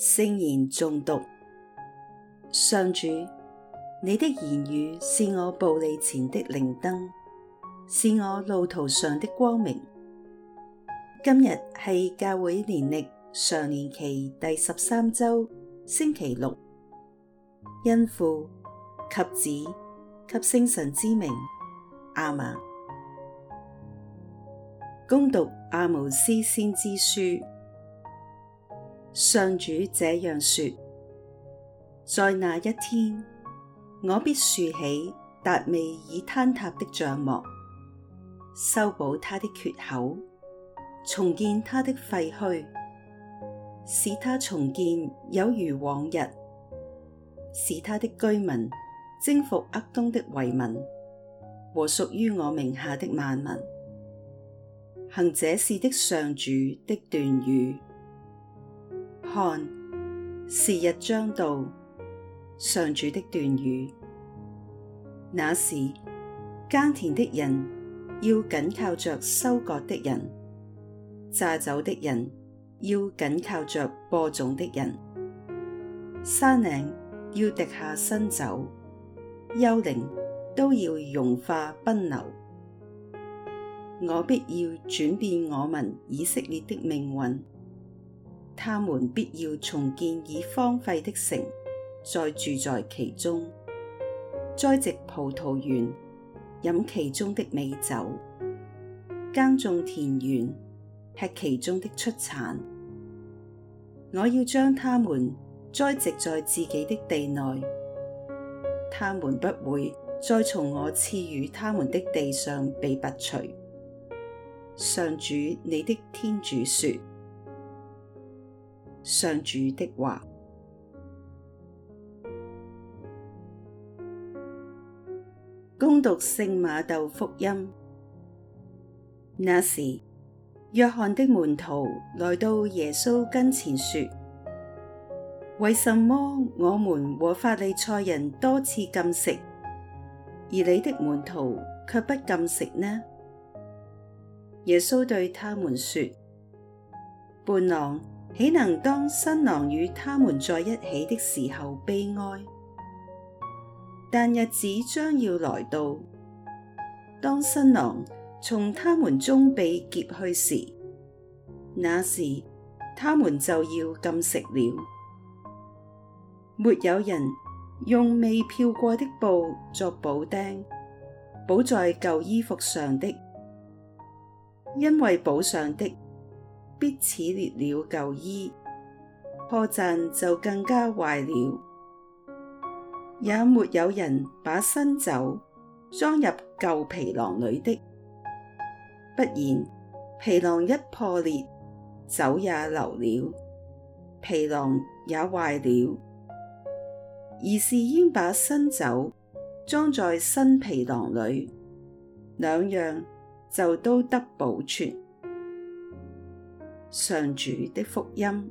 聖言誦讀，上主，你的言語是我步履前的靈燈，是我路途上的光明。今日係教會年曆常年期第十三周，星期六，因父及子及聖神之名，阿瑪，恭讀亞毛斯先知書。上主這樣說：在那一天，我必樹起達味已坍塌的帳幕，修補他的缺口，重建他的廢墟，使他重建有如往日，使他的居民征服厄東的遺民和屬於我名下的萬民。行這事的上主的斷語。看，時日將到，上主的斷語。那時，耕田的人要緊靠着收割的人，榨酒的人要緊靠着播種的人，山嶺要滴下新酒，丘陵都要溶化奔流。我必要轉變我民以色列的命運。他們必要重建已荒廢的城，再住在其中，栽植葡萄園，飲其中的美酒，耕種田園，吃其中的出產。我要將他們栽植在自己的地內，他們不會再從我賜予他們的地上被拔除。上主你的天主說。上主的話。恭讀聖馬竇福音。那時，若翰的門徒來到耶穌跟前說：為什麼我們和法利賽人多次禁食，而你的門徒卻不禁食呢？耶穌對他們說：伴郎。豈能當新郎與他們在一起的時候悲哀？但日子將要來到，當新郎從他們中被劫去時，那時他們就要禁食了。沒有人用未漂過的布作補釘，補在舊衣服上的，因為補上的。必扯裂了舊衣，破綻就更加壞了。也沒有人把新酒裝入舊皮囊裏的，不然，皮囊一破裂，酒也流了，皮囊也壞了。而是應把新酒裝在新皮囊裏，兩樣就都得保存。上主的福音。